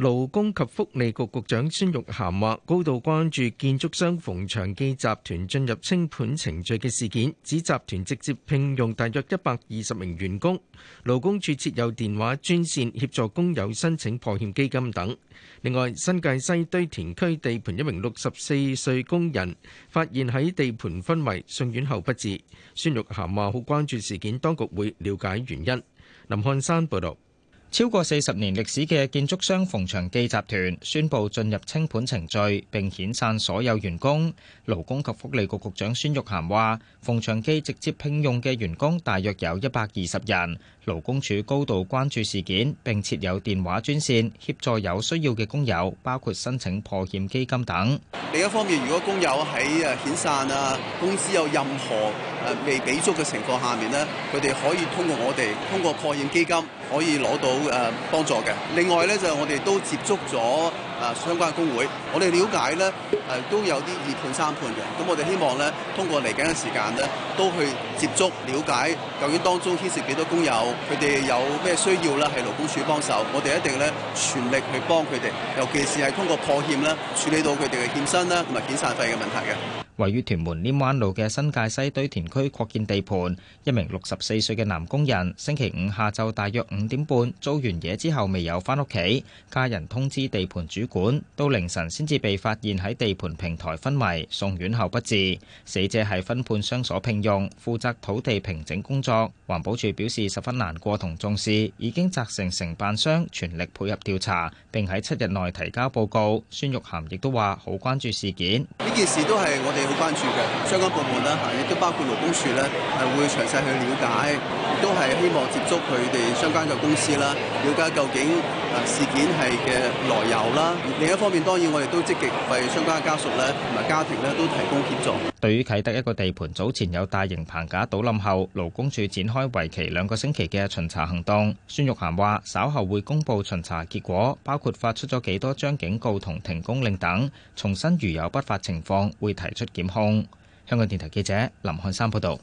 勞工及福利局局長孫玉菡話：高度關注建築商馮長記集團進入清盤程序嘅事件，指集團直接聘用大約一百二十名員工。勞工處設有電話專線協助工友申請破欠基金等。另外，新界西堆填區地盤一名六十四歲工人發現喺地盤昏迷送院後不治。孫玉菡話：好關注事件，當局會了解原因。林漢山報導。超過四十年歷史嘅建築商馮長記集團宣布進入清盤程序，並遣散所有員工。勞工及福利局局長孫玉菡話，馮長記直接聘用嘅員工大約有一百二十人。勞工處高度關注事件，並設有電話專線協助有需要嘅工友，包括申請破欠基金等。另一方面，如果工友喺誒遣散啊，公司有任何未俾足嘅情況下面呢，佢哋可以通過我哋，通過破欠基金可以攞到誒、呃、幫助嘅。另外呢，就係我哋都接觸咗誒、呃、相關工會，我哋了解呢誒、呃、都有啲二判三判嘅。咁我哋希望呢，通過嚟緊嘅時間呢，都去接觸了解究竟當中牽涉幾多工友，佢哋有咩需要呢？係勞工處幫手。我哋一定呢，全力去幫佢哋，尤其是係通過破欠呢，處理到佢哋嘅欠薪啦同埋遣散費嘅問題嘅。位於屯門稔灣路嘅新界西堆填區擴建地盤，一名六十四歲嘅男工人星期五下晝大約五點半做完嘢之後未有返屋企，家人通知地盤主管，到凌晨先至被發現喺地盤平台昏迷，送院後不治。死者係分判商所聘用，負責土地平整工作。環保署表示十分難過同重視，已經責成承辦商全力配合調查，並喺七日內提交報告。孫玉涵亦都話好關注事件，呢件事都係我哋。好關注嘅相關部門咧，亦都包括勞工處咧，係會詳細去了解，亦都係希望接觸佢哋相關嘅公司啦，了解究竟。事件係嘅來由啦。另一方面，當然我哋都積極為相關家屬咧同埋家庭咧都提供協助。對於啟德一個地盤，早前有大型棚架倒冧後，勞工處展開為期兩個星期嘅巡查行動。孫玉菡話：稍後會公布巡查結果，包括發出咗幾多張警告同停工令等。重新如有不法情況，會提出檢控。香港電台記者林漢山報道。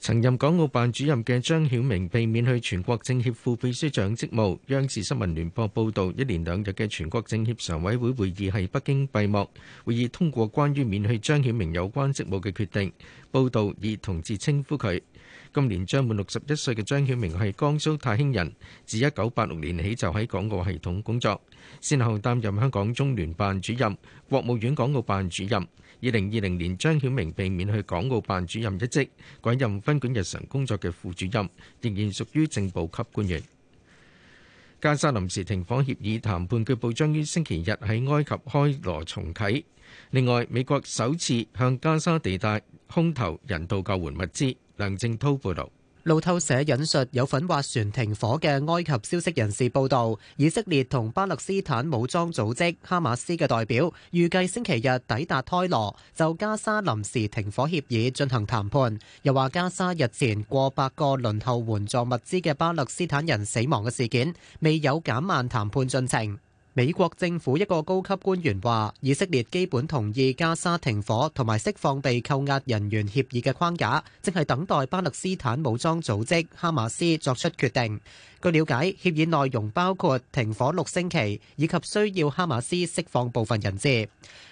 曾任港澳辦主任嘅張曉明被免去全國政協副秘書長職務。央視新聞聯播報道，一連兩日嘅全國政協常委會會議喺北京閉幕，會議通過關於免去張曉明有關職務嘅決定。報道以同志稱呼佢。今年將滿六十一歲嘅張曉明係江蘇泰興人，自一九八六年起就喺港澳系統工作，先後擔任香港中聯辦主任、國務院港澳辦主任。二零二零年張曉明被免去港澳辦主任一職，改任分管日常工作嘅副主任，仍然屬於正部級官員。加沙臨時停火協議談判據報將於星期日喺埃及開羅重啟。另外，美國首次向加沙地帶空投人道救援物資。梁靜濤報道，路透社引述有份划船停火嘅埃及消息人士報道，以色列同巴勒斯坦武裝組織哈馬斯嘅代表預計星期日抵達開羅，就加沙臨時停火協議進行談判。又話加沙日前過百個輪候援助物資嘅巴勒斯坦人死亡嘅事件，未有減慢談判進程。美國政府一個高級官員話以色列基本同意加沙停火同埋釋放被扣押人員協議嘅框架，正係等待巴勒斯坦武裝組織哈馬斯作出決定。據了解協議內容包括停火六星期，以及需要哈馬斯釋放部分人質。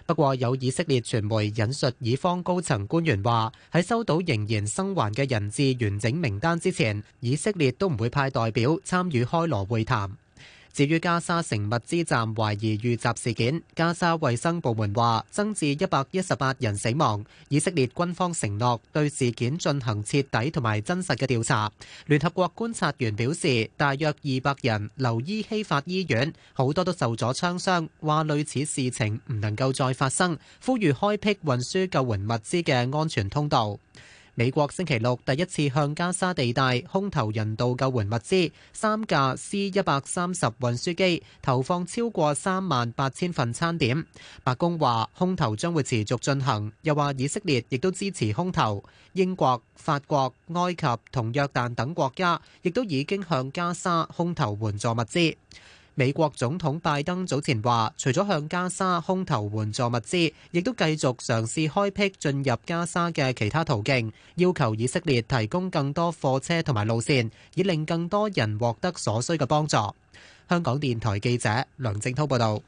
不過有以色列傳媒引述以方高層官員話，喺收到仍然生還嘅人質完整名單之前，以色列都唔會派代表參與開羅會談。至於加沙城物資站懷疑遇襲事件，加沙衛生部門話增至一百一十八人死亡。以色列軍方承諾對事件進行徹底同埋真實嘅調查。聯合國觀察員表示，大約二百人留醫希法醫院，好多都受咗槍傷，話類似事情唔能夠再發生，呼籲開闢運輸救援物資嘅安全通道。美國星期六第一次向加沙地帶空投人道救援物資，三架 C 一百三十運輸機投放超過三萬八千份餐點。白宮話空投將會持續進行，又話以色列亦都支持空投。英國、法國、埃及同約旦等國家亦都已經向加沙空投援助物資。美國總統拜登早前話除咗向加沙空投援助物資，亦都繼續嘗試開闢進入加沙嘅其他途徑，要求以色列提供更多貨車同埋路線，以令更多人獲得所需嘅幫助。香港電台記者梁靜濤報道。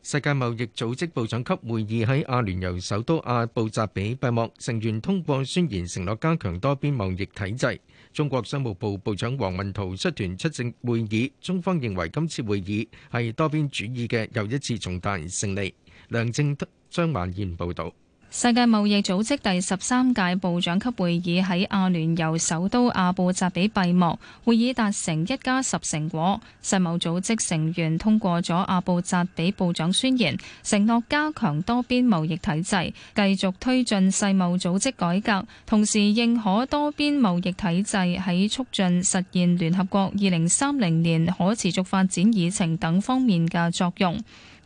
世界貿易組織部長級會議喺阿聯酋首都阿布扎比閉幕，成員通過宣言，承諾加強多邊貿易體制。中國商務部部長王文濤率團出席會議，中方認為今次會議係多邊主義嘅又一次重大勝利。梁正德、張萬燕報導。世界貿易組織第十三屆部長級會議喺阿聯酋首都阿布扎比閉幕，會議達成一加十成果。世貿組織成員通過咗阿布扎比部長宣言，承諾加強多邊貿易體制，繼續推進世貿組織改革，同時認可多邊貿易體制喺促進實現聯合國二零三零年可持續發展議程等方面嘅作用。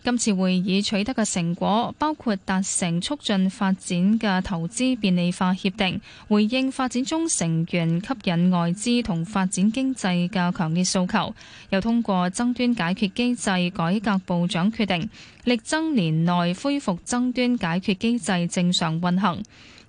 今次會議取得嘅成果包括達成促進發展嘅投資便利化協定，回應發展中成員吸引外資同發展經濟嘅強烈訴求；又通過爭端解決機制改革部長決定，力爭年內恢復爭端解決機制正常運行。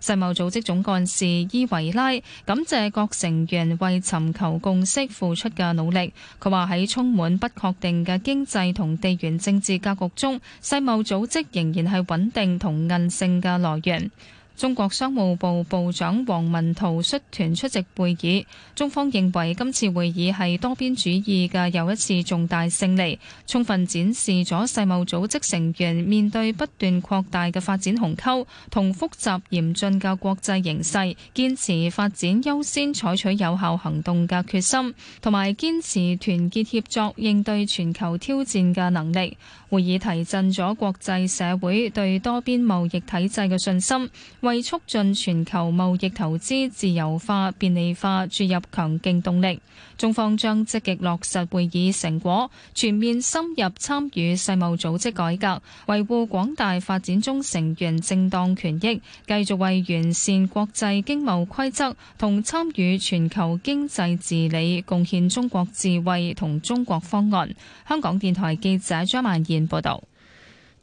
世貿組織總幹事伊維拉感謝各成員為尋求共識付出嘅努力。佢話，喺充滿不確定嘅經濟同地緣政治格局中，世貿組織仍然係穩定同韌性嘅來源。中國商務部部長王文濤率團出席會議。中方認為今次會議係多邊主義嘅又一次重大勝利，充分展示咗世貿組織成員面對不斷擴大嘅發展鴻溝同複雜嚴峻嘅國際形勢，堅持發展優先、採取有效行動嘅決心，同埋堅持團結協作應對全球挑戰嘅能力。會議提振咗國際社會對多邊貿易體制嘅信心。為促進全球貿易投資自由化便利化，注入強勁動力，中方將積極落實會議成果，全面深入參與世貿組織改革，維護廣大發展中成員正當權益，繼續為完善國際經貿規則同參與全球經濟治理貢獻中國智慧同中國方案。香港電台記者張曼燕報道。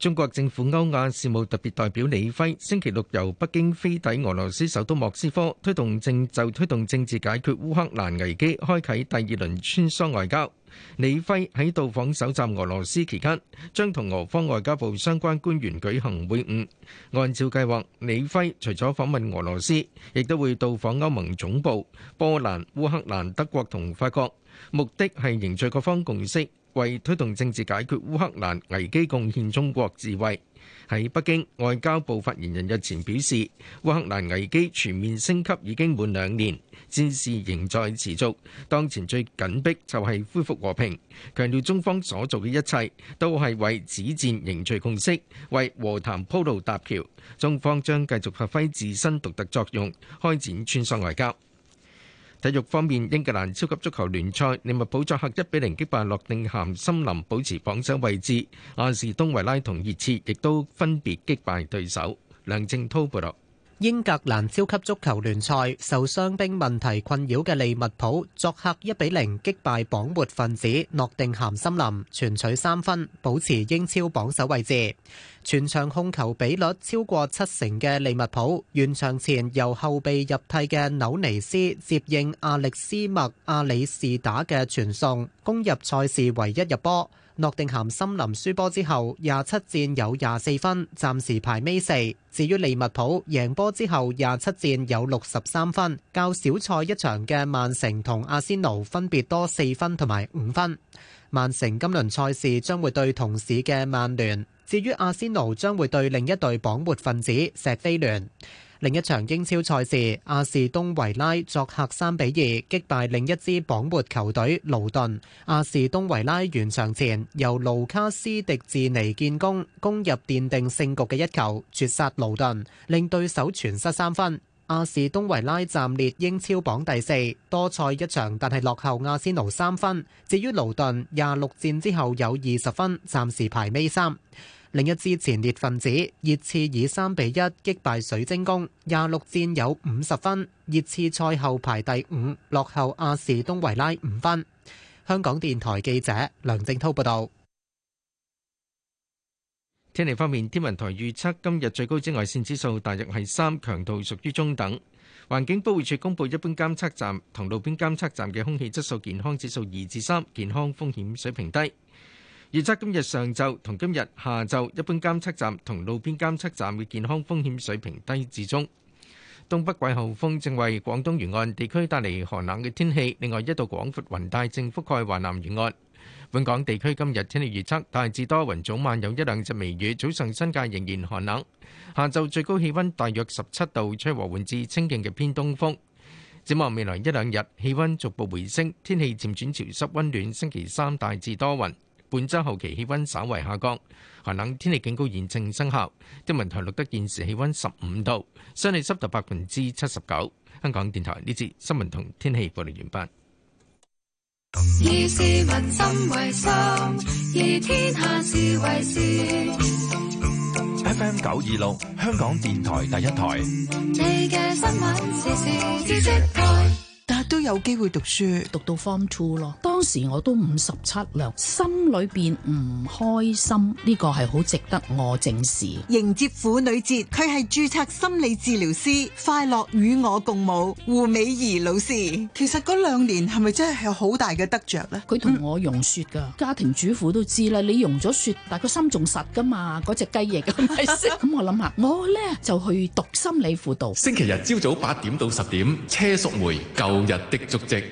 中國政府歐亞事務特別代表李輝星期六由北京飛抵俄羅斯首都莫斯科，推動政就推動政治解決烏克蘭危機，開啟第二輪穿梭外交。李輝喺到訪首站俄羅斯期間，將同俄方外交部相關官員舉行會晤。按照計劃，李輝除咗訪問俄羅斯，亦都會到訪歐盟總部、波蘭、烏克蘭、德國同法國，目的係凝聚各方共識。為推動政治解決烏克蘭危機貢獻中國智慧，喺北京，外交部發言人日前表示，烏克蘭危機全面升級已經滿兩年，戰事仍在持續，當前最緊迫就係恢復和平。強調中方所做嘅一切都係為止戰凝聚共識、為和談鋪路搭橋，中方將繼續發揮自身獨特作用，開展穿梭外交。體育方面，英格蘭超級足球聯賽利物浦作客一比零擊敗洛定咸森林，保持榜首位置。阿士東維拉同熱刺亦都分別擊敗對手。梁正滔報道。英格蘭超級足球聯賽，受傷兵問題困擾嘅利物浦作客一比零擊敗榜末分子諾定咸森林，全取三分，保持英超榜首位置。全場控球比率超過七成嘅利物浦，完場前由後備入替嘅紐尼斯接應阿力斯麥阿里士打嘅傳送，攻入賽事唯一入波。諾定咸森林輸波之後，廿七戰有廿四分，暫時排尾四。至於利物浦贏波之後，廿七戰有六十三分，較少賽一場嘅曼城同阿仙奴分別多四分同埋五分。曼城今輪賽事將會對同市嘅曼聯，至於阿仙奴將會對另一隊榜末分子錫菲聯。另一場英超賽事，阿士東維拉作客三比二擊敗另一支榜末球隊盧頓。阿士東維拉完場前由盧卡斯迪治尼建功，攻入奠定勝局嘅一球，絕殺盧頓，令對手全失三分。阿士東維拉暫列英超榜第四，多賽一場但係落後阿仙奴三分。至於盧頓，廿六戰之後有二十分，暫時排尾三。另一支前列分子熱刺以三比一擊敗水晶宮，廿六戰有五十分，熱刺賽後排第五，落後阿士東維拉五分。香港電台記者梁正滔報導。天氣方面，天文台預測今日最高紫外線指數大約係三，強度屬於中等。環境保護署公布一般監測站同路邊監測站嘅空氣質素健康指數二至三，健康風險水平低。預測今日上晝同今日下晝，一般監測站同路邊監測站嘅健康風險水平低至中。東北季候風正為廣東沿岸地區帶嚟寒冷嘅天氣，另外一道廣闊雲帶正覆蓋華南沿岸。本港地區今日天氣預測大致多雲，早晚有一兩隻微雨，早上新界仍然寒冷，下晝最高氣温大約十七度，吹和緩至清勁嘅偏東風。展望未來一兩日，氣温逐步回升，天氣漸轉潮濕温暖。星期三大致多雲。本周後期氣温稍為下降，寒冷天氣警告現正生效。天文台錄得現時氣温十五度，相對濕度百分之七十九。香港電台呢節新聞同天氣報道完畢。以市民心為心，以天下事為事。F.M. 九二六，香港電台第一台。都有機會讀書，讀到 Form Two 咯。當時我都五十七啦，心裏邊唔開心，呢、這個係好值得我正視。迎接婦女節，佢係註冊心理治療師，快樂與我共舞，胡美儀老師。其實嗰兩年係咪真係有好大嘅得着呢？佢同我融雪㗎，嗯、家庭主婦都知啦。你融咗雪，但係個心仲實㗎嘛？嗰隻雞翼咁 我諗下，我呢就去讀心理輔導。 星期日朝早八點到十點，車淑梅，舊日。的足跡。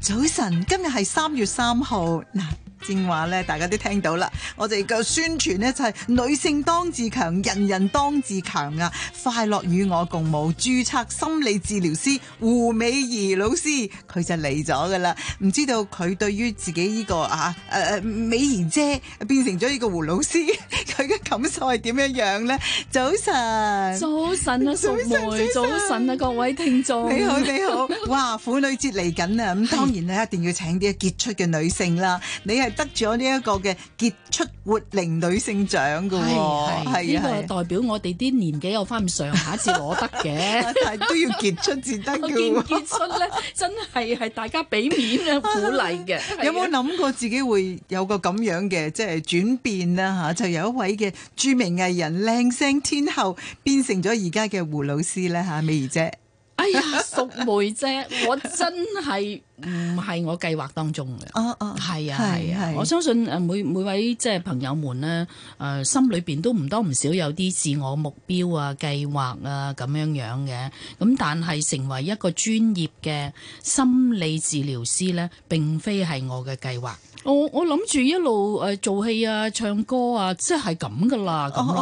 早晨，今日係三月三號。嗱。正話咧，大家都聽到啦。我哋嘅宣傳咧就係女性當自強，人人當自強啊！快樂與我共舞，註冊心理治療師胡美儀老師，佢就嚟咗噶啦。唔知道佢對於自己呢個啊誒、啊、美儀姐變成咗呢個胡老師，佢嘅感受係點樣樣咧？早晨，早晨啊，早晨啊，各位聽眾，你好，你好。 哇，婦女節嚟緊啊，咁當然咧一定要請啲傑出嘅女性啦。你係？得咗呢一個嘅傑出活齡女性獎嘅，係啊，代表我哋啲年紀又翻唔上，下一次攞得嘅， 但係都要傑出至得嘅。我傑 出咧， 真係係大家俾面嘅鼓勵嘅。 的有冇諗過自己會有個咁樣嘅即係轉變啦？吓，就有一位嘅著名藝人靚聲天后，變成咗而家嘅胡老師咧？吓，美儀姐， 哎呀，淑梅姐，我真係。唔係、嗯、我計劃當中嘅，係啊係啊！啊啊我相信誒每每位即係朋友們呢，誒、呃、心裏邊都唔多唔少有啲自我目標啊、計劃啊咁樣樣嘅。咁但係成為一個專業嘅心理治療師呢，並非係我嘅計劃。哦、我我諗住一路誒做戲啊、唱歌啊，即係咁噶啦，咁、哦、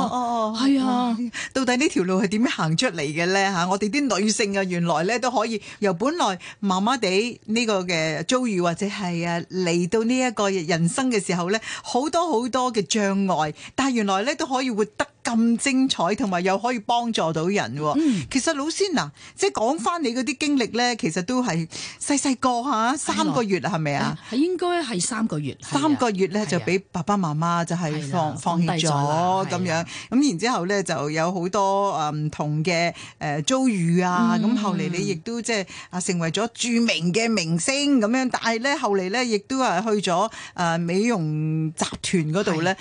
咯，係、哦哦、啊。到底呢條路係點樣行出嚟嘅呢？嚇，我哋啲女性啊，原來呢都可以由本來麻麻地呢個嘅遭遇或者係啊，嚟到呢一個人生嘅時候咧，好多好多嘅障礙，但係原來咧都可以活得。咁精彩，同埋又可以幫助到人。嗯、其實老師嗱，即係講翻你嗰啲經歷呢，其實都係細細個嚇，三個月係咪啊？係應該係三個月。啊、三個月呢就俾爸爸媽媽就係放放棄咗咁、啊、樣。咁、啊、然之後呢就有好多誒唔同嘅誒遭遇啊。咁後嚟你亦都即係啊成為咗著名嘅明星咁樣。嗯嗯、但係呢後嚟呢亦都係去咗誒美容集團嗰度呢。